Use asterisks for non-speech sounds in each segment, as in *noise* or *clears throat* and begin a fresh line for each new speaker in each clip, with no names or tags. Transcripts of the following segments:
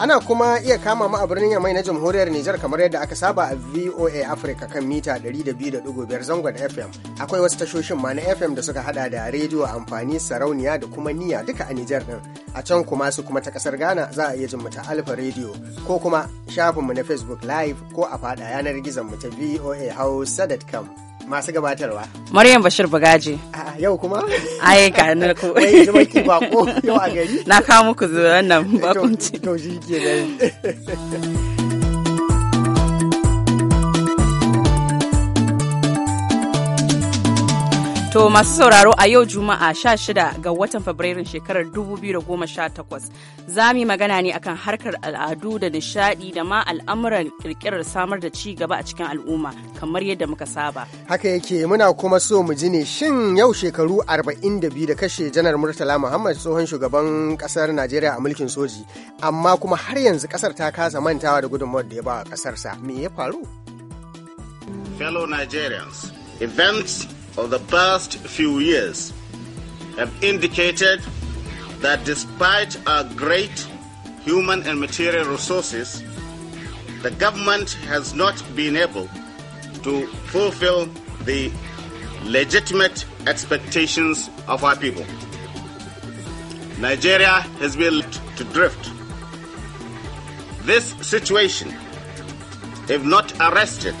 Ana kuma iya kama mu a birnin Yamai na Jamhuriyar Nijar kamar yadda aka saba a VOA Africa kan mita 200.5 zangon FM. Akwai wasu tashoshin ma na FM da suka hada da rediyo amfani sarauniya da kuma niya duka a Nijar din. A can kuma su kuma ta kasar Ghana za a iya jin mu ta Alfa rediyo, ko kuma shafin mu na Facebook Live ko a fada yanar gizon mu ta VOA Hausa.com. Masu gabatarwa.
Maryam Bashir Bagaji. yau kuma? Ai ka na ku. Wai zama ki bako yau a gari. Na kawo muku zuwa nan bakunci. To shi ke *laughs* To masu sauraro a yau Juma'a sha shida ga watan Fabrairun shekarar 2018 za mu yi magana ne akan harkar al'adu da nishadi da ma al'amuran kirkirar samar da ci gaba a cikin al'umma kamar yadda muka saba.
Haka yake muna kuma so mu ji ne shin yau shekaru 42 da kashe janar Murtala Muhammad tsohon shugaban kasar Najeriya a mulkin soji amma kuma har yanzu kasar ta kasa mantawa da gudunmawar da ya ba kasarsa me ya faru?
Fellow Nigerians, events of the past few years have indicated that despite our great human and material resources, the government has not been able to fulfill the legitimate expectations of our people. Nigeria has been left to drift. This situation, if not arrested,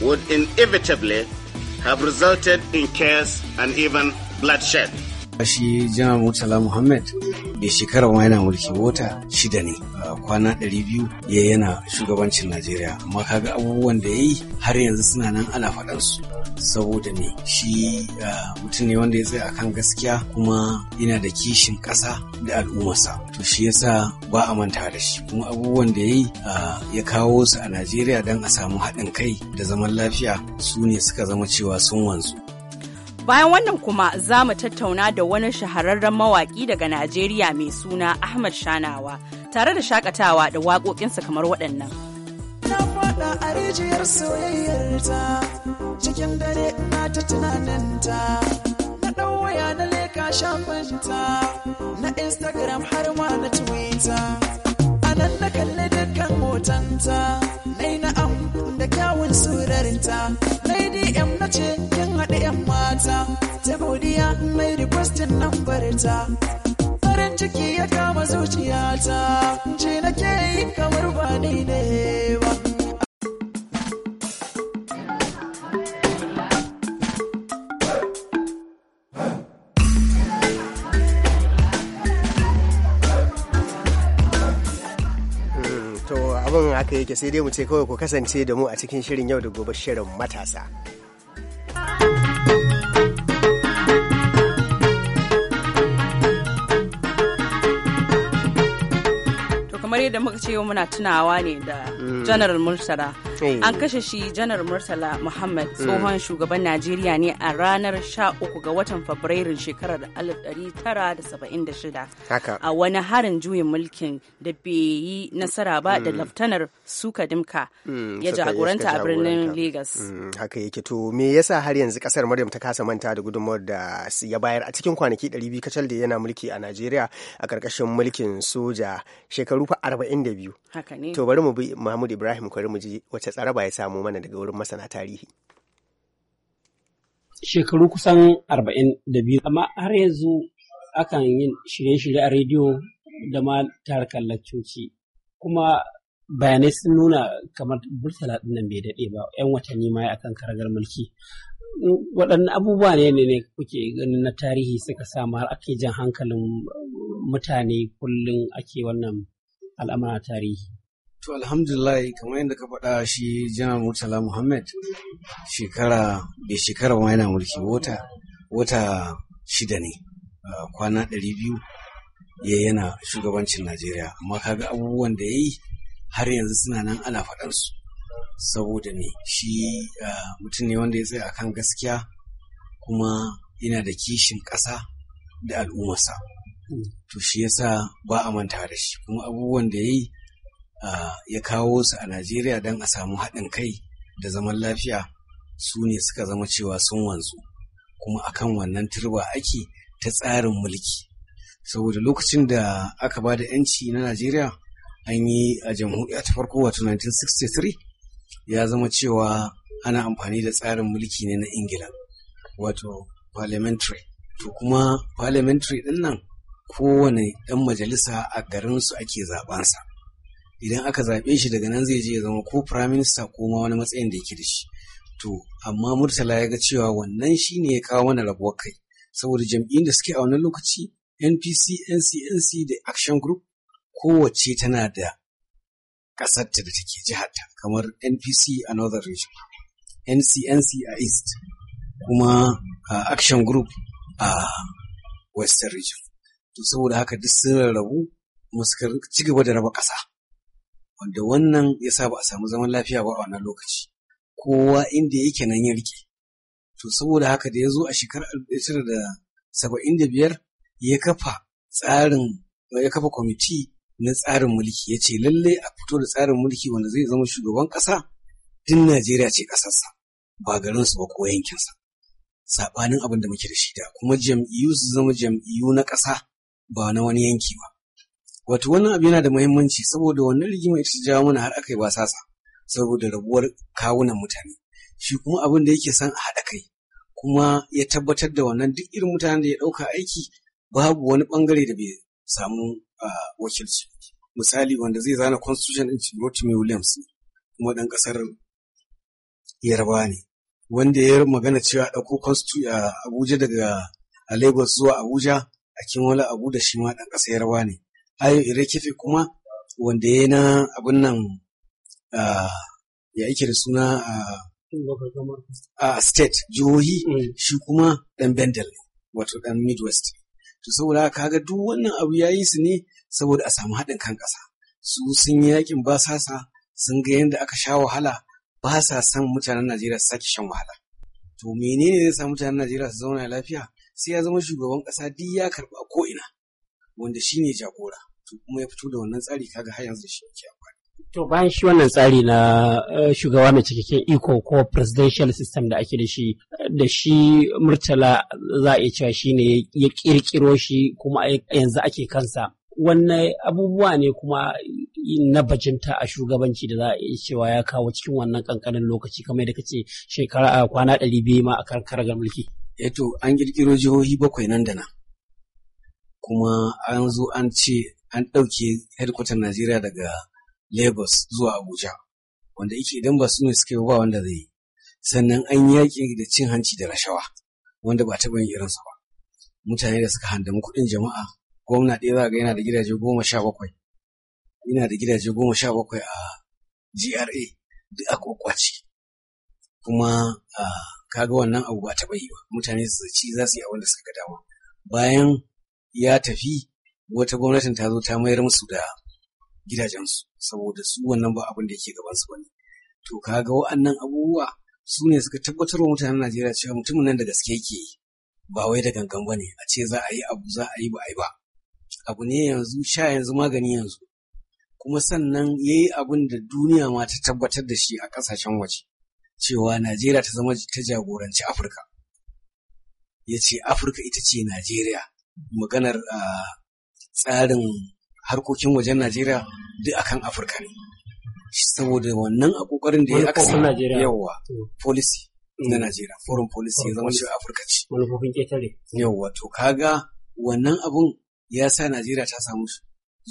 would inevitably have resulted in chaos and even bloodshed.
Shi Janar Murtala Muhammad bai shekara ma yana mulki wata shida ne kwana ɗari biyu ya yana shugabancin Najeriya amma kaga abubuwan da ya yi har yanzu suna nan ana faɗansu. saboda me shi ah, mutum ne wanda ya tsaya kan gaskiya kuma yana da kishin ƙasa da al'ummarsa to shi yasa ba a manta da shi kuma abubuwan da yayi yi ah, ya kawo su a najeriya don a samu haɗin kai da zaman lafiya su ne suka zama cewa sun wanzu
Bayan wannan kuma za mu tattauna da wani shahararren mawaƙi daga Najeriya mai suna Ahmad Shanawa tare da shakatawa da waƙoƙinsa kamar waɗannan.
fada a rijiyar soyayyarta cikin dare na ta tunaninta na ɗan waya na leka shafinta na instagram har ma na twitter a nan na kalli dukkan hotonta na yi na'am da kyawun surarinta na yi dm na ce kin haɗe yan mata ta godiya mai requestin nambarta farin ciki ya kama zuciyata ce na ke yi kamar ba ni ne ba
haka yake sai dai mu ce kawai ku kasance da mu a cikin shirin yau da gobe shirin matasa.
to kamar yadda muka ce muna tunawa ne da janar murtala An kashe shi Janar Murtala Muhammad hmm. tsohon shugaban Najeriya ne a ranar 13 ga watan Fabrairun shekarar 1976. A wani harin juyin mulkin da bai yi nasara ba da hmm. Laftanar Suka Dimka
hmm, ya jagoranta a birnin Lagos. Haka yake to me yasa har yanzu kasar Maryam ta kasa manta da gudunmuwar da ya bayar a cikin kwanaki 200 kacal da yana mulki a Najeriya a karkashin mulkin soja shekaru fa 42.
Haka ne. To bari
mu bi Mahmud Ibrahim Kwari mu ji wace tsaraba ya samu mana daga wurin masana tarihi.
Shekaru kusan arba'in da biyu, amma har yanzu akan yin shirye-shirye a rediyo da ma tarkan Kuma bayanai sun nuna kamar burtala ɗin nan bai daɗe ba, 'yan watanni ma akan karagar mulki. Waɗanne abubuwa ne ne kuke ganin na tarihi suka samu har ake jan hankalin mutane kullum ake wannan al'amura
tarihi. To alhamdulillah kamar yadda ka faɗa shi janar Murtala Muhammad shekara bai shekara ma yana mulki wata wata shida ne kwana ɗari biyu ya yana shugabancin Najeriya amma kaga abubuwan da ya yi har yanzu suna nan ana faɗansu. saboda ne shi mutum ne wanda ya tsaya akan gaskiya kuma yana da kishin ƙasa da al'ummarsa to shi yasa ba a manta da shi kuma abubuwan da ya yi ya kawo su a Najeriya don a samu haɗin kai da zaman lafiya su ne suka zama cewa sun wanzu kuma akan wannan turba ake ta tsarin mulki saboda lokacin da aka ba da 'yanci na Najeriya an yi a jamhuriya ta farko wato 1963 ya zama cewa ana amfani da tsarin mulki ne na Ingila wato parliamentary to kuma parliamentary ɗin nan kowane ɗan majalisa a garinsu ake zaɓansa. idan aka zaɓe shi daga nan zai je ya zama ko Firaminista minister ko ma wani matsayin da yake da shi to amma murtala ya ga cewa wannan shi ne ya kawo mana rabuwar kai saboda jam'iyyun da suke a wannan lokaci npc ncnc da action group kowace tana da ƙasarta da take ta, kamar npc a northern region ncnc a east kuma a action group a western region to saboda haka duk sun rarrabu musu ci gaba da raba ƙasa wanda wannan ya sa ba a samu zaman lafiya ba a wannan lokaci kowa inda yake nan ya rike to saboda haka da ya zo a shekarar da saba'in da biyar ya kafa tsarin ya kafa kwamiti na tsarin mulki ya ce lalle a fito da tsarin mulki wanda zai zama shugaban ƙasa din Najeriya ce ƙasarsa ba garinsu ba ko yankinsa saɓanin abin da muke da shi da kuma jam'iyyu su zama jam'iyyu na ƙasa ba na wani yanki ba Wato wannan abu yana da muhimmanci saboda wannan rigima ita ta jawo mana har aka yi basasa saboda rabuwar kawunan mutane. Shi kuma abin da yake son a haɗa kai kuma ya tabbatar da wannan duk irin mutanen da ya ɗauka aiki babu wani ɓangare da bai samu wakilci. Misali wanda zai zana constitution ɗin Rotimi Williams kuma ɗan ƙasar Yarba ne. Wanda ya magana cewa ɗauko constitution Abuja daga a Lagos zuwa Abuja a kin wani abu da shi ma ɗan ƙasa Yarba ne. ayo irekifi kuma wanda ya na abun nan ya ake da suna a state jihohi mm. shi kuma dan bendel wato dan midwest to saboda kaga duk wannan abu ya yi su ne saboda a samu haɗin kan ƙasa su sun yi yakin sa sun ga yadda aka sha wahala ba sa son mutanen Najeriya su sake shan wahala. To menene zai sa mutanen Najeriya su zauna lafiya? Sai ya zama shugaban ƙasa duk ya karɓa ko'ina, wanda shine jagora. kuma ya fito da wannan tsari kaga har yanzu shi yake amfani
To bayan shi wannan tsari na eh, shugaba mai cikakken iko ko presidential system da ake da shi da shi murtala za a iya cewa shi ne ya kirkiro shi kuma yanzu ake kansa. Wannan abubuwa ne kuma na bajinta a shugabanci da za a iya cewa ya kawo cikin wannan kankanin lokaci kamar yadda kace shekara a kwana ɗari biyu ma a karkar mulki.
Eto eh an kirkiro jihohi bakwai nan da nan. Kuma an zo an ce an ɗauke headquarter Najeriya daga Lagos zuwa Abuja, wanda yake idan ba su ne suka yi ba wanda zai yi. Sannan an yaƙi da cin hanci da rashawa, wanda ba taɓa yin irinsa ba. Mutane da suka handami kuɗin jama'a, gwamna ɗaya za ga yana da gidaje goma sha bakwai. Yana da gidaje goma sha bakwai a GRA duk a kwakwace. Kuma kaga wannan abu ba taɓa yi ba. Mutane su ci za su yi abin da suka dama. Bayan ya tafi wata gwamnatin ta zo ta mayar musu da gidajensu saboda su wannan ba abin da yake gabansu ba ne to kaga wa'annan abubuwa su ne suka tabbatar wa mutanen Najeriya cewa mutumin nan da gaske yake yi ba wai da gangan bane ne a ce za a yi abu za a yi ba a yi ba abu ne yanzu sha yanzu magani yanzu kuma sannan yayi yi abin da duniya ma ta tabbatar da shi a kasashen waje cewa Najeriya ta zama ta jagoranci Afirka ya ce Afirka ita ce Najeriya maganar ah, tsarin harkokin wajen Najeriya duk akan Afirka ne. Saboda wannan a kokarin da ya aka samu yawa policy mm. na Najeriya, foreign policy ya zama shi Afirka ce. Manufofin ƙetare. Yawa to kaga wannan abun ya sa Najeriya ta samu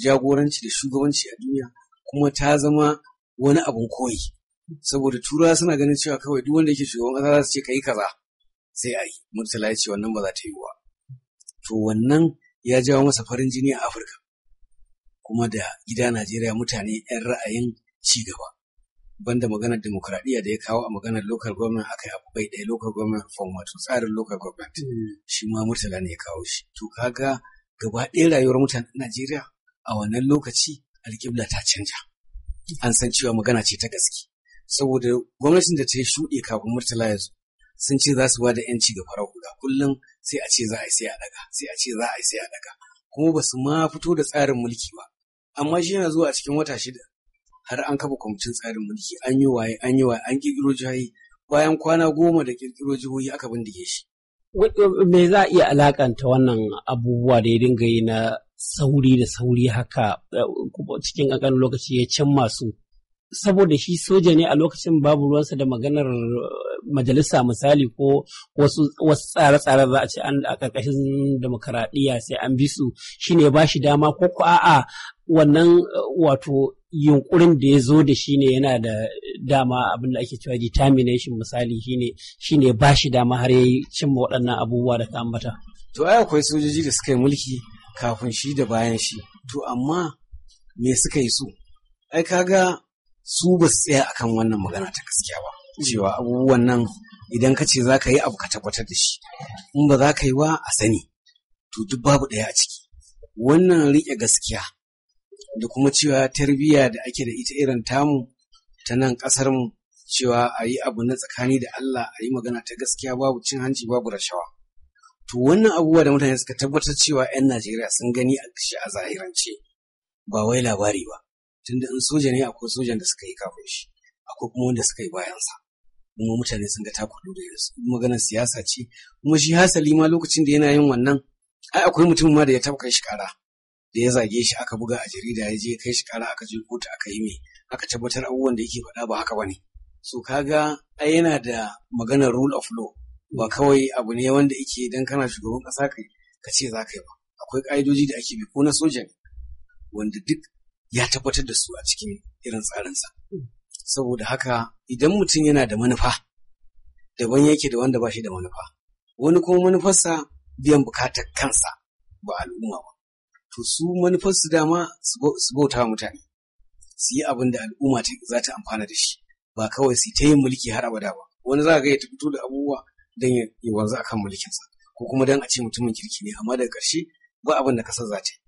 jagoranci da shugabanci a duniya kuma ta zama wani abun koyi. Saboda turawa suna ganin cewa kawai duk wanda yake shugaban kasa za su ce ka yi kaza sai a yi. Murtala ya ce wannan ba za ta yi wa. To wannan ya jawo masa farin jini a Afirka kuma da gida Najeriya mutane 'yan ra'ayin ci gaba banda maganar demokradiyya da ya kawo a maganar local government aka yi bai ɗaya local government form wato tsarin local government shi ma murtala ne ya kawo shi to kaga gaba ɗaya rayuwar mutanen Najeriya a wannan lokaci alƙibla ta canja an san cewa magana ce ta gaske saboda gwamnatin da ta yi shuɗe kafin murtala ya zo sun ce za su ba da ‘yanci ga farar guda kullum sai a ce za a yi sai a daga sai a ce za a yi sai a daga kuma ba su ma fito da tsarin mulki ba amma shi yana zuwa cikin wata shida har an kafa kwamitin tsarin mulki an yi waye an yi waye an kirkiro jihohi bayan kwana goma da kirkiro jihohi aka bindige shi.
me za a iya alakanta wannan abubuwa da ya dinga yi na sauri da sauri haka eh, cikin ƙanƙanin lokaci ya cin masu saboda shi soja ne a lokacin babu ruwansa da maganar uh, majalisa misali ko wasu tsare-tsare za a ce an a ƙarƙashin demokaradiyya sai an bi su shine ba shi dama ko ko a'a wannan uh, wato yunkurin da ya zo da shi ne yana da dama abin da ake cewa determination misali shine shine ba shi dama har ya cimma waɗannan abubuwa da ka ambata.
To ai akwai sojoji da suka yi mulki kafin shi da bayan shi. To amma me suka yi so? Ai kaga su ba su tsaya akan wannan magana ta gaskiya ba cewa abubuwan nan idan ka ce za ka yi abu ka tabbatar da shi in ba za ka yi wa a sani to duk babu ɗaya a ciki wannan riƙe gaskiya da kuma cewa tarbiyya da ake da ita irin tamu ta nan ƙasar mu cewa a yi abu na tsakani da Allah a yi magana ta gaskiya babu cin hanci babu rashawa to wannan abubuwa da mutane suka tabbatar cewa 'yan Najeriya sun gani a a zahirance ba wai labari ba tunda in soja ne akwai sojan da suka yi kafin shi akwai kuma wanda suka yi bayansa kuma mutane sun ga ta kudu da yanzu maganar siyasa ce kuma shi hasali ma lokacin da yana yin wannan ai akwai mutum ma da ya taba shi kara da ya zage shi aka buga a jarida ya je kai shi kara aka je kotu aka yi mai aka tabbatar abubuwan da yake faɗa ba haka bane so kaga ai yana da maganar rule of law ba kawai abu ne wanda yake dan kana shugaban ƙasa kai ka ce za ka yi ba akwai ƙa'idoji da ake bi ko na soja ne wanda duk ya tabbatar da su a cikin irin tsarinsa. Saboda haka idan mutum yana da manufa, daban yake da wanda ba shi da manufa. Wani kuma manufarsa biyan bukatar kansa ba al'umma ba. To su manufarsu dama su bauta mutane, su yi abin da al'umma za ta amfana da shi, ba kawai su ta yin mulki har abada ba. Wani za ga ya fito da abubuwa don ya wanzu akan mulkinsa, ko kuma don a ce mutumin kirki ne, amma daga ƙarshe ba abin da kasar za ta yi.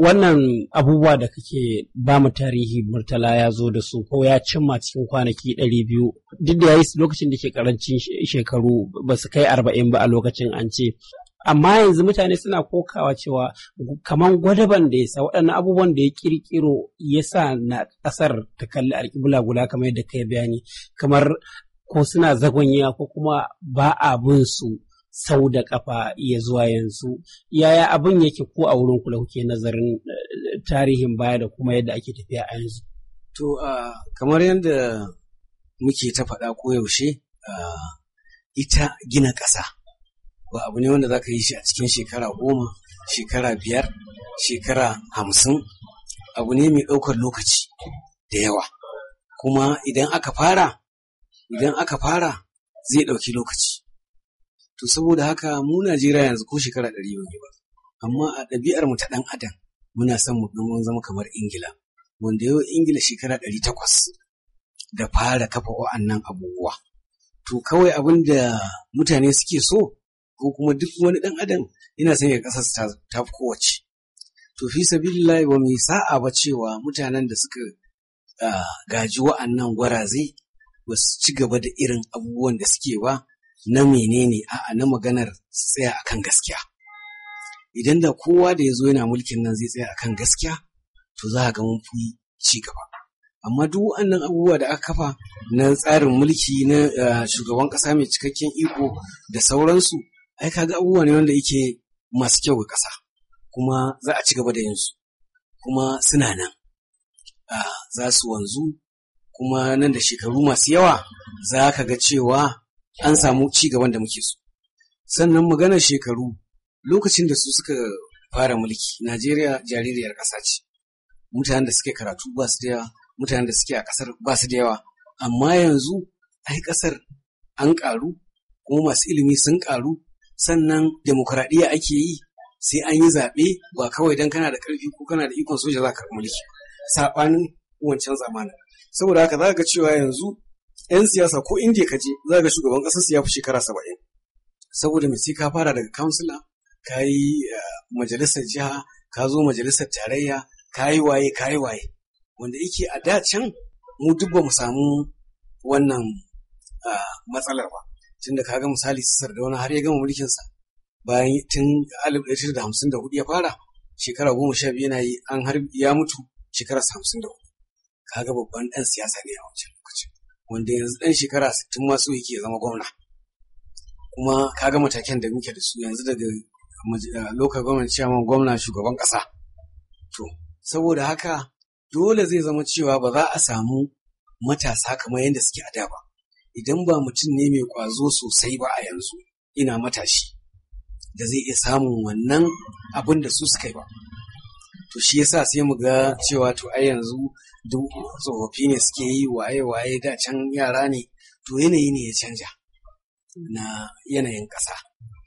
wannan abubuwa da kake ba mu tarihi murtala ya zo da su ko ya cimma cikin kwanaki ɗari biyu duk da yayi lokacin da ke karancin shekaru ba su kai arba'in ba a lokacin an ce amma yanzu mutane suna kokawa cewa kamar gwadaban da ya sa waɗannan abubuwan da ya ƙirƙiro ya sa na ƙasar ta kalli alƙibla guda kamar yadda kai bayani kamar ko suna zagonya ko kuma ba a bin su sau da kafa iya zuwa yanzu yaya abin yake ko a wurin kula kuke nazarin eh, tarihin baya da kuma yadda ake tafiya a
yanzu to kamar yadda muke ta faɗa ko yaushe ita gina ƙasa ba abu ne wanda za ka yi shi a cikin shekara goma shekara biyar shekara hamsin abu ne mai ɗaukar lokaci da yawa kuma idan aka fara idan aka fara zai ɗauki lokaci To saboda haka mu Najeriya yanzu ko shekara ɗari ba ba. Amma a ɗabi'ar mu ta ɗan adam muna son mu ɗan zama kamar Ingila. Wanda yau Ingila shekara ɗari takwas da fara kafa wa'annan abubuwa. To kawai abin da mutane suke so ko kuma duk wani ɗan adam yana son ya ƙasar ta kowace. To fi sabilillahi ba mai sa'a ba cewa mutanen da suka ah, gaji wa'annan gwaraze ba su ci gaba da irin abubuwan da suke ba na menene a'a na maganar su tsaya akan gaskiya idan da kowa da ya zo yana mulkin nan zai tsaya akan gaskiya to za a ga mun fi ci gaba amma duk wannan abubuwa da aka kafa na tsarin mulki na eh, shugaban ƙasa mai cikakken iko da sauransu ai ga abubuwa ne wanda yake masu kyau ga kasa kuma za a ci gaba da yin kuma suna nan ah, za su wanzu kuma nan da shekaru masu yawa za ka ga cewa an samu ci gaban da muke so sannan maganar shekaru lokacin da su suka fara mulki najeriya jaririyar ƙasa ce mutanen da suke karatu ba su da yawa mutanen da suke a ƙasar ba su da yawa amma yanzu ai ƙasar an ƙaru kuma masu ilimi sun ƙaru sannan demokuraɗiyya ake yi sai an yi zaɓe ba kawai don kana da ƙarfi ko kana da ikon soja za ka mulki saɓanin wancan zamanin saboda haka za ka cewa yanzu 'yan siyasa ko indiya ka je za ga shugaban ƙasar ya fi shekara saba'in saboda mai sai ka fara daga kansila ka yi eh, majalisar jiha ka zo majalisar tarayya ka yi waye ka yi waye wanda yake a da can mu duk ba mu samu wannan ah, matsalar ba tun da ga misali su da wani har ya gama mulkinsa bayan tun alif ɗaya da hamsin da hudu ya fara shekara goma sha biyu yana yi an har ya mutu shekara hamsin da hudu Ka ga babban ɗan siyasa ne a wancan lokacin wanda yanzu ɗan shekara sittin masu yake zama gwamna kuma ka ga mataken da muke da su yanzu daga local government chairman gwamna shugaban ƙasa to saboda haka dole zai zama cewa ba za a samu matasa kamar yadda suke a da ba idan ba mutum ne mai kwazo sosai ba a yanzu ina matashi da zai iya samun wannan abin da su suka yi ba to shi yasa sai mu ga cewa to ai yanzu duk tsofaffi ne suke yi waye-waye da can yara ne to yanayi ne ya canja na yanayin ƙasa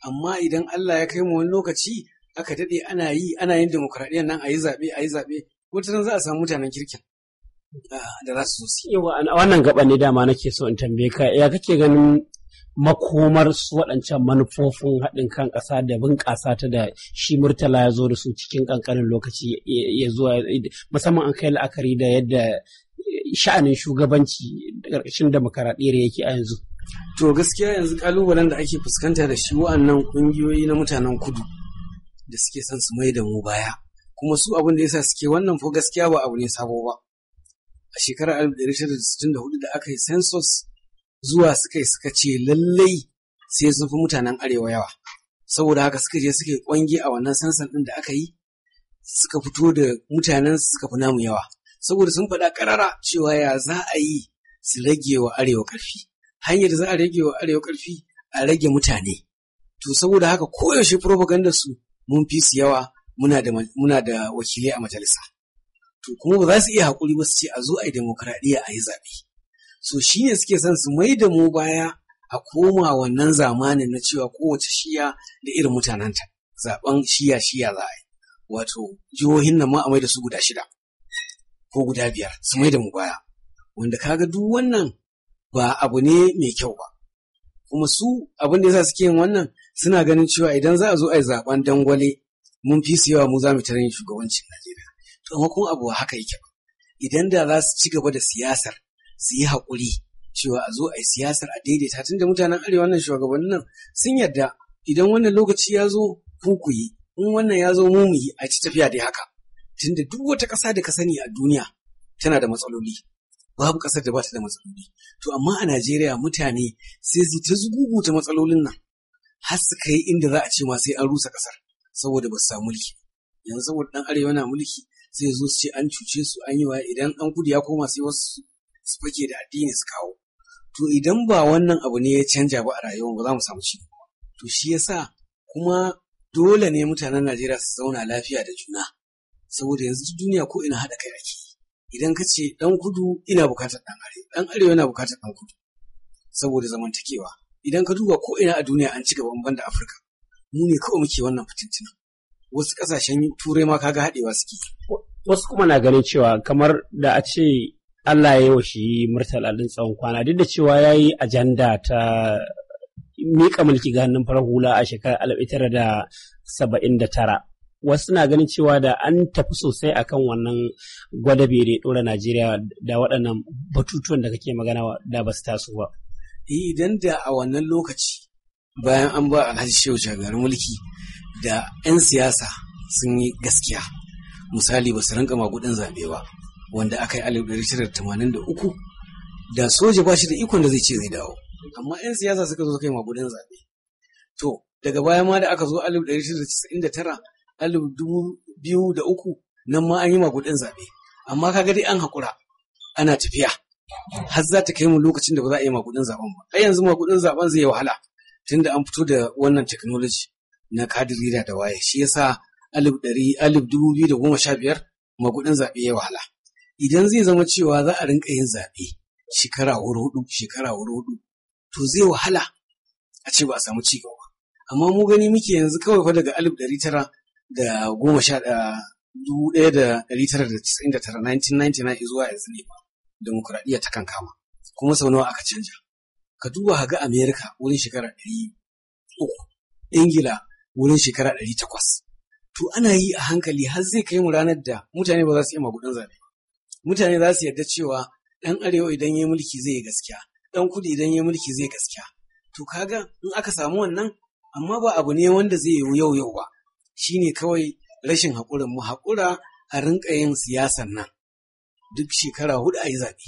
amma idan Allah ya kai mu wani lokaci aka daɗe ana yi ana yin nan a yi zaɓe a yi zaɓe wata za a samu mutanen kirkin ah, da za su zo su yi. wannan
gaɓa ne dama nake so in tambaye ka ya kake ganin makomar su waɗancan manufofin haɗin kan ƙasa da bunƙasa ta da shi murtala ya zo da su cikin ƙanƙanin lokaci ya zuwa musamman an kai la'akari da yadda sha'anin shugabanci ƙarƙashin demokaradiyyar yake a yanzu. To
gaskiya yanzu ƙalubalen da ake fuskanta da shi wa'annan ƙungiyoyi na mutanen kudu da suke son su mai da mu baya. Kuma su abin da ya sa suke wannan fa gaskiya ba abu ne sabo ba. A shekarar 1964 da aka yi census zuwa sukai suka ce lallai sai sun fi mutanen arewa yawa saboda haka suka je suka yi kwangi a wannan sansan ɗin da aka yi suka fito da mutanen suka fi namu yawa saboda sun faɗa ƙarara cewa ya za a yi su rage wa arewa ƙarfi hanyar da za a rage wa arewa ƙarfi a rage mutane to saboda haka koyaushe propaganda su mun fi su yawa muna da muna da wakilai a majalisa to kuma ba za su iya haƙuri ba su ce a zo a yi demokradiyya a yi zaɓe so shi ne suke son su mai da mu baya a koma wannan zamanin na cewa kowace shiya da irin mutanenta zaben shiya shiya za a yi wato jihohin nan ma a mai da su guda shida ko guda biyar su mai da mu baya wanda kaga duk wannan ba abu ne mai kyau ba kuma su abin da yasa suke yin wannan suna ganin cewa idan za a zo a yi zaben dangwale mun fi su yawa mu za mu tare shugabancin Najeriya to amma kuma abu haka yake ba idan da za su ci gaba da siyasar su yi haƙuri cewa a zo a yi siyasar a daidaita tun da mutanen arewa nan shugabannin nan sun yarda idan wannan lokaci ya zo ku ku yi in wannan ya zo mu mu yi a ci tafiya da haka tun da duk wata ƙasa da ka sani a duniya tana da matsaloli babu ƙasar da ba ta da matsaloli to amma a Najeriya mutane sai su ta matsalolin nan har su kai inda za a ce ma sai an rusa ƙasar saboda ba su samu mulki yanzu saboda dan arewa na mulki sai zo su ce an cuce su an yi wa idan an gudu ya koma sai wasu su fake da addini su kawo to idan ba wannan abu ne ya canja ba a rayuwar ba za mu samu ci to shi yasa kuma dole ne mutanen Najeriya su zauna lafiya da juna saboda yanzu duniya ko ina haɗa kai ake idan ka ce ɗan kudu ina buƙatar ɗan arewa ɗan arewa yana buƙatar ɗan kudu saboda zamantakewa idan ka duba ko ina a duniya an ci gaba ban da Afirka mu ne kawai muke wannan fitintinu wasu ƙasashen turai ma kaga haɗewa suke wasu kuma na
ganin cewa kamar da a ce Allah ya yi wa shi murtala ɗin tsawon kwana duk da cewa ya yi ajanda ta miƙa mulki ga hannun farar hula a shekarar alif tara da saba'in da tara. Wasu na ganin cewa da an tafi sosai akan wannan gwada bere ɗora Najeriya da waɗannan batutuwan da kake magana da ba su taso ba.
Eh, idan da a wannan lokaci bayan an ba Alhaji Shehu mulki da 'yan siyasa sun yi gaskiya misali ba su rinka magudan zaɓe ba. wanda aka yi alif ɗari tara tamanin da uku da soja ba shi da ikon da zai ce zai dawo amma 'yan siyasa suka zo suka yi magudan zaɓe to daga baya ma da aka zo alif ɗari tara casa'in da tara alif dubu biyu da uku nan ma an yi magudan zaɓe amma kaga dai an haƙura ana tafiya har za ta kai mu lokacin da ba za a yi magudan zaɓen ba har yanzu magudan zaɓen zai yi wahala tunda an fito da wannan technology na kadin rida da waye shi yasa alif ɗari alif dubu biyu da goma sha biyar magudin zaɓe ya wahala idan zai zama cewa za a rinka yin zaɓe shekara wuri hudu shekara wuri hudu to zai wahala a ce ba a samu ci gaba amma mu gani muke yanzu kawai fa daga alif ɗari tara da goma sha ah, dubu ɗaya da ɗari tara da tisa'in da tara 1999 zuwa yanzu ne ba demokuraɗiyya ta kan kama kuma sau nawa aka canja ka duba ga amerika wurin shekara ɗari uku ingila wurin shekara ɗari takwas to ana yi a hankali har zai kai mu ranar da mutane ba za su iya magudan zaɓe mutane za su yarda cewa ɗan arewa idan ya mulki zai gaskiya ɗan kudu idan ya mulki zai gaskiya to kaga in aka samu wannan amma ba abu ne wanda zai yi yau yau ba ne kawai rashin haƙurin mu haƙura a rinƙa yin siyasan nan duk shekara huɗu a yi zaɓe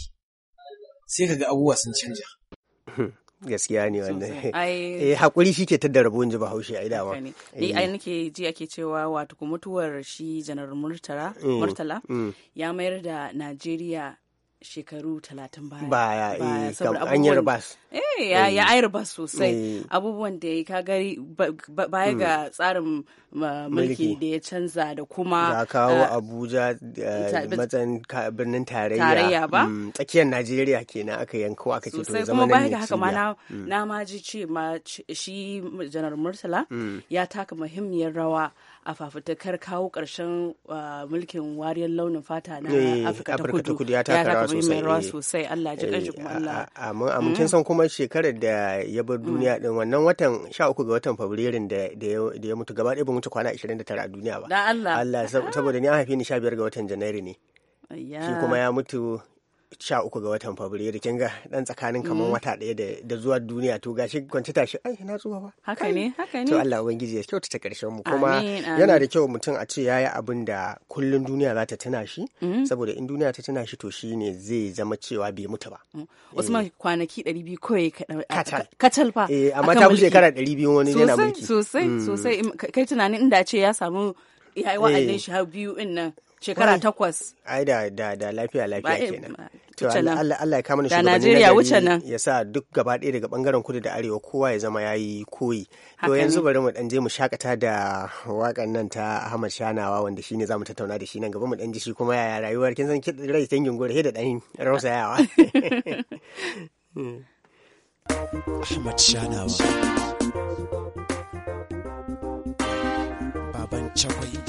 sai kaga abubuwa sun canja.
Hmm. gaskiya ne wannan *laughs* eh hakuri shike ta da rabon ji bahaushe ai dama ni eh. ai
nake ji ake cewa wato mutuwar shi janar murtala mm. Mm. ya mayar da Najeriya shekaru talatin baya. Baya, baya eh, saboda yi ribas. Eh, ya, ya eh. yi ribas sosai. Abubuwan da ya ka gari baya hmm. ga tsarin uh, mulki da ya canza da kuma. Ya kawo uh,
Abuja matan birnin tarayya. ba. Hmm, tsakiyar Najeriya kenan aka yanko aka ce to zama nan ne Sosai kuma baya ga haka ma hmm.
na ma ji ce ma shi Janar Murtala ya taka muhimmiyar rawa a fafutukar kawo ƙarshen uh, mulkin wariyar launin fata na eh, afirka ta kudu ya taka rawa sosai allah ji kanshi kuma eh, allah
amin mm. kin san kuma shekarar da ya bar mm. duniya din wannan watan 13 ga watan fabrairun da ya mutu gaba ɗaya ba mutu kwana 29 a duniya ba allah saboda ni an haife ni 15 ga watan janairu ne
shi kuma ya
mutu sha uku ga watan fabrairu kin ga dan tsakanin kamar mm. wata ɗaya da zuwa duniya to gashi kwanci tashi ai na zuwa ba haka ne haka ne to Allah ubangiji ya kyauta ta karshen mu kuma yana da kyau mutum a ce yayi abin da kullun duniya za ta tuna shi mm. saboda in duniya ta tuna shi to shi ne zai zama cewa bai mutu ba
mm. Usman eh. kwanaki 200 koyi katal katal fa eh amma ta fi shekara 200 wani yana mulki sosai sosai kai tunanin inda ce ya samu ya yi wa'adin eh. shi biyu in nan shekara
takwas ai da da da lafiya lafiya kenan to Allah Allah ya kama ni shugabanni Najeriya wuce nan ya sa duk gaba ɗaya daga bangaren kudu da arewa kowa ya zama yayi koyi to yanzu bari mu dan je mu shakata da wakan nan ta Ahmad Shanawa wanda shine zamu tattauna da shi nan gaba mu dan ji shi kuma yaya rayuwar kin san rai tangin gore da dan yawa? *laughs* Ahmad Shanawa
Baban Chakwai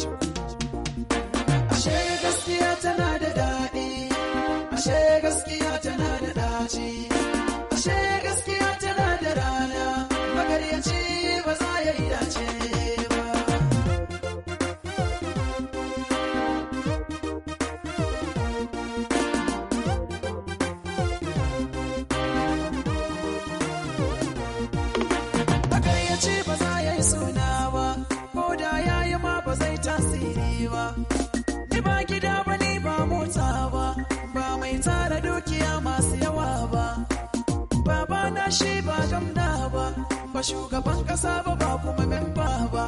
ba shugaban kasa ba ba kuma memba ba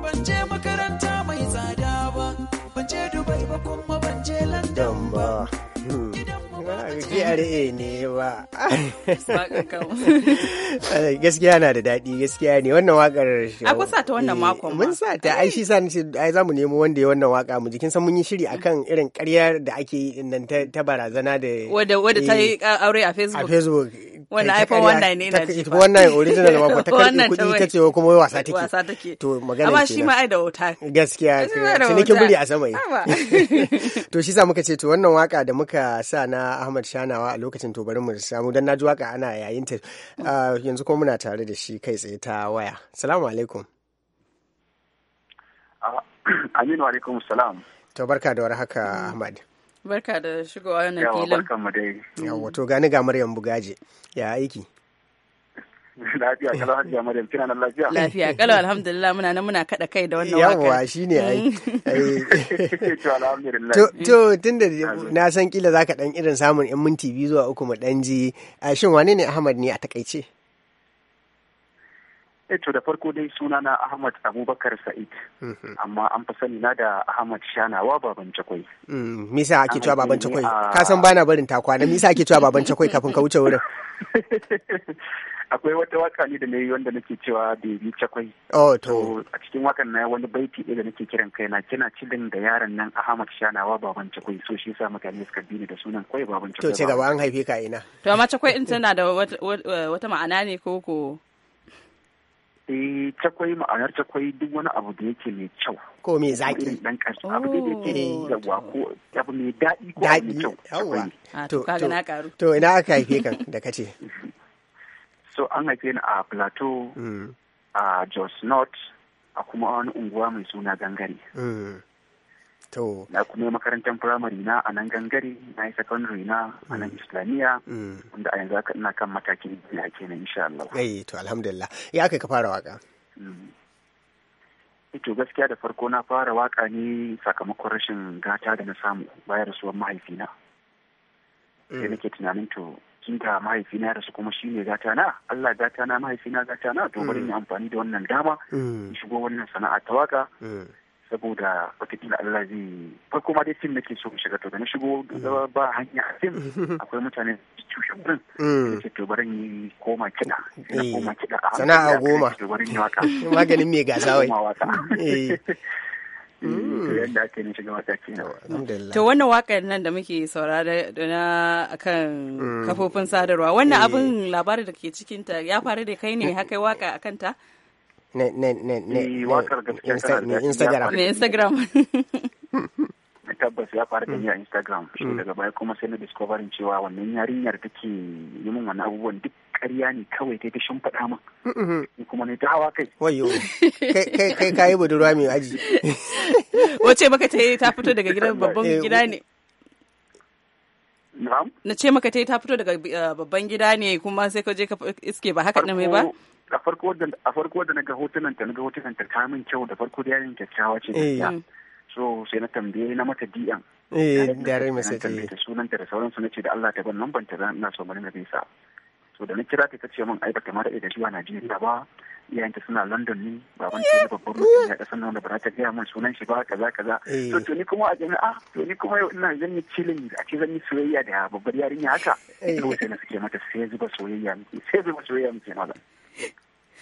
ban je makaranta mai tsada ba ban je dubai ba kuma
ban je london ba hmm. GRA ne ba. *laughs* Eh, gaskiya na da daɗi gaskiya ne wannan wakar. A kun sa ta wannan eh, makon Mun sa ta ai shi sa ni ai za mu nemo wanda ya wannan waka mu jikin san mun yi shiri akan irin ƙaryar da ake yi nan ta barazana da. Wadda
ta eh, yi aure a Facebook. A Facebook
wannan iphone wannan ne na ji wannan original ma ba ta *laughs* kai kudi ta ce kuma wasa take wasa take to magana amma shi ma ai da wuta gaskiya nake buri a sama *laughs* to shi sa muka ce to wannan waka da muka sa na Ahmad Shanawa a lokacin to bari mu samu dan naji waka ana yayin ta ah, yanzu kuma muna tare da shi kai tsaye ta waya assalamu alaikum
ah, *clears throat* aminu alaikum salam
to barka da warhaka Ahmad
Barka da shigowa wannan filin. Yawa barkan mu dai.
Yawa to gani ga Maryam Bugaje. Ya aiki?
lafiya kalau hajiya maryam kina nan lafiya
lafiya kalau
alhamdulillah muna nan muna kada kai da wannan waka yawa
shine ai
mm. *laughs* to alhamdulillah to
mm. tunda na san kila zaka dan irin samun yan minti biyu zuwa uku mu dan ji shin wane ne Ahmad ne a takaice
Eh, to da farko dai suna na Ahmad Abubakar Sa'id. Mhm. Amma an fi sani na da Ahmad Shanawa Baban Cakwai.
Misa mm, ake cewa Baban Cakwai. Ka san bana barin takwana. Misa ake cewa Baban Cakwai kafin ka wuce wurin. *laughs*
Akwai wata waka ne da na yi wanda nake cewa Baby Cakwai. Oh to. A cikin wakan na wani baiti ɗaya da nake kiran kaina kina cilin da yaron nan Ahmad Shanawa Baban Cakwai so shi yasa mutane suka bi ni da sunan Kwai Baban Cakwai. To ce gaba an haife ka ina.
To amma Cakwai din tana da wata ma'ana ne ko
ko. eh cakwai ma'anar takwai duk wani abu da yake mai kyau ko mai zaki dan karshe abu da yake oh. yawa ko abu mai daɗi ko mai kyau
ah, to kaga na karu to ina aka haife ka da kace *laughs*
so an haife ni a plateau mm. a jos north a kuma wani unguwa mai suna gangare mm. to na kuma makarantar firamare na a nan gangare na yi secondary na a nan mm. islamiyya mm. wanda a yanzu haka ina kan matakin biya kenan insha Allah eh to alhamdulillah ya kai ka fara waka mm. eh, to gaskiya da farko na fara waka ne sakamakon rashin gata da na samu bayan rasuwar mahaifina sai nake tunanin to kinta mahaifina da su kuma shine gata na Allah gata na mahaifina gata na to bari ni amfani da wannan dama in shigo wannan sana'a ta waka saboda wataƙila Allah zai farko ma dai fim nake so shiga to da na shigo ba hanya a fim *laughs* akwai mutane su cushe gurin mm. ce to bari ni koma kiɗa na eh. koma kiɗa a sana'a goma bari ni waka *laughs* maganin me gasa wai *laughs* eh. eh, mm. yadda ake ni shiga wata kenan to
wannan wakar nan da muke saurara da na akan mm. kafofin sadarwa wannan abin labarin da ke cikinta ya faru da kai ne haka waka akan ta
ne ne ne ne ne, gaskiya tana da instagram ne instagram *laughs* tabbas ya fara da a mm. instagram shi mm. daga baya kuma sai na discoverin cewa wannan yarinyar take yi min wani abubuwan duk ƙarya ne kawai ta ta shimfiɗa ma ni kuma ne ta hawa kai wayo
kai kai kai budurwa mai aji
*laughs* wace maka ta yi ta fito daga gidan babban eh, gida ne na ce maka ta yi ta fito daga eh, babban gida ne kuma sai ka je ka iske ba haka ne mai ba
a farko da na ga hotunan ta na ga hotunan ta ta min kyau da farko da yayin kyakkyawa ce eh. so sai na tambaye na mata DM eh gare masa ce ta ta da sauran su ce da Allah ta ban nan ban ta na so bari na bisa so da na kira ta ce min ai bata ma da zuwa Najeriya ba ta suna london ne baban ta ba ko ya da nan da ba ta ga mun sunan shi ba kaza kaza eh. so to ni kuma a jami'a ah, to ni kuma yau ina zan yi chilling a ce zan yi soyayya da babbar yarinya haka to eh. sai na suke mata sai zuba soyayya sai zuba soyayya ce na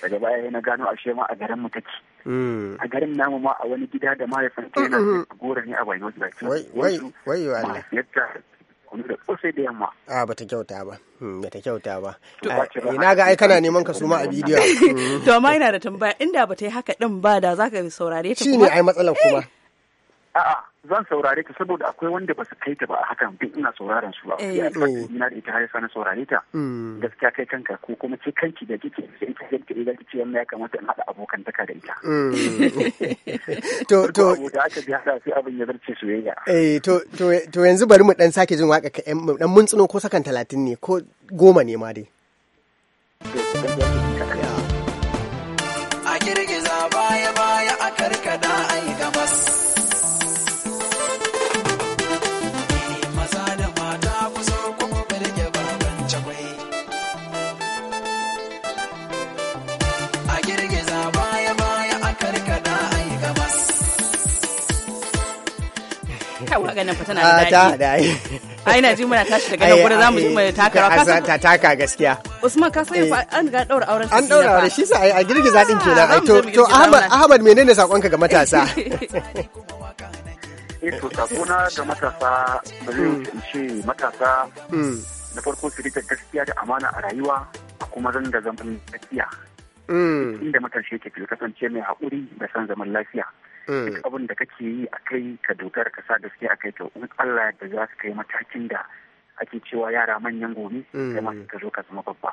daga baya yana gano ashe ma a garin mu take mm. a garin namu ma a wani gida da mahaifin ta yana mm-hmm. gora ne a bayan wai wai wai Allah yadda da kosai da yamma
a bata kyauta ba hmm, bata kyauta ba ina ga ai kana neman ka suma
a bidiyo. *laughs*
to amma ina da tambaya inda bata yi haka din ba da zaka saurare ta kuma shine ai matsalar kuma
a'a zan saurare ta saboda akwai wanda ba su kai ta ba a hakan duk ina sauraron su ba eh. mm. ina da ita har sa na saurare ta mm. gaskiya kai kanka ko kuma ce kanki da kike sai ta yadda ita kici yamma ya kamata in haɗa abokan taka da ita mm. *laughs* to to da aka bi hada sai abin ya zarce soyayya
eh to to yanzu bari mu dan sake jin waka ka dan mun tsino ko sakan 30 ne ko goma ne ma dai
a girgiza yau maganin fa tana
da ah, daɗi. da ai. Ai na ji muna tashi daga nan gurin zamu mu taka rawa. Ka ta
taka gaskiya.
Usman ka sai eh. an ga daura auren
An daura auren shi
sa ai a girgiza din kenan. Ah, ai to to Ahmad Ahmad menene sakonka ga matasa? *laughs*
Eh to sakona ga matasa Bari zai hmm. ce matasa hmm. na farko su rika gaskiya da amana a rayuwa a kuma zanga zaman lafiya. Hmm. Inda matashi yake kasance mai haƙuri da san zaman lafiya. Mm. duk abin da kake yi a kai ka dogara ka sa gaske a kai to in Allah da za su kai matakin da ake cewa yara manyan gobe mm. kai ma ka zo ka zama babba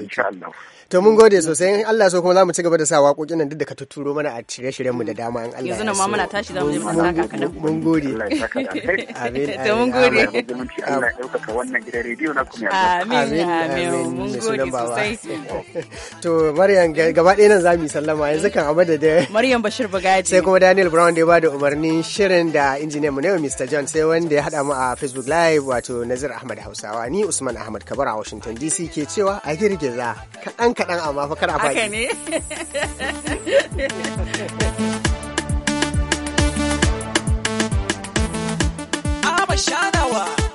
insha Allah
to mun gode sosai in Allah so kuma zamu ci gaba da sa waƙoƙin nan duk da ka tuturo mana a cire shiryen mu da dama in Allah yanzu na ma muna tashi zamu je mu saka kadan mun gode amin to mun gode
Allah ya dauka *laughs* wannan gidan rediyo na kuma amin amin mun gode sosai
*laughs* to Maryam gaba ɗaya nan zamu yi sallama yanzu kan a da *laughs* Maryam Bashir Bagaji sai kuma Daniel Brown da ya bada umarnin shirin da injiniyan mu ne Mr John sai wanda ya hada mu a Facebook live wato nazar. Nazir Ahmad Hausawa ni Usman Ahmad Kabar a Washington DC ke cewa a girgiza kaɗan kaɗan amma fa kar a faɗi.
ne. Shadawa!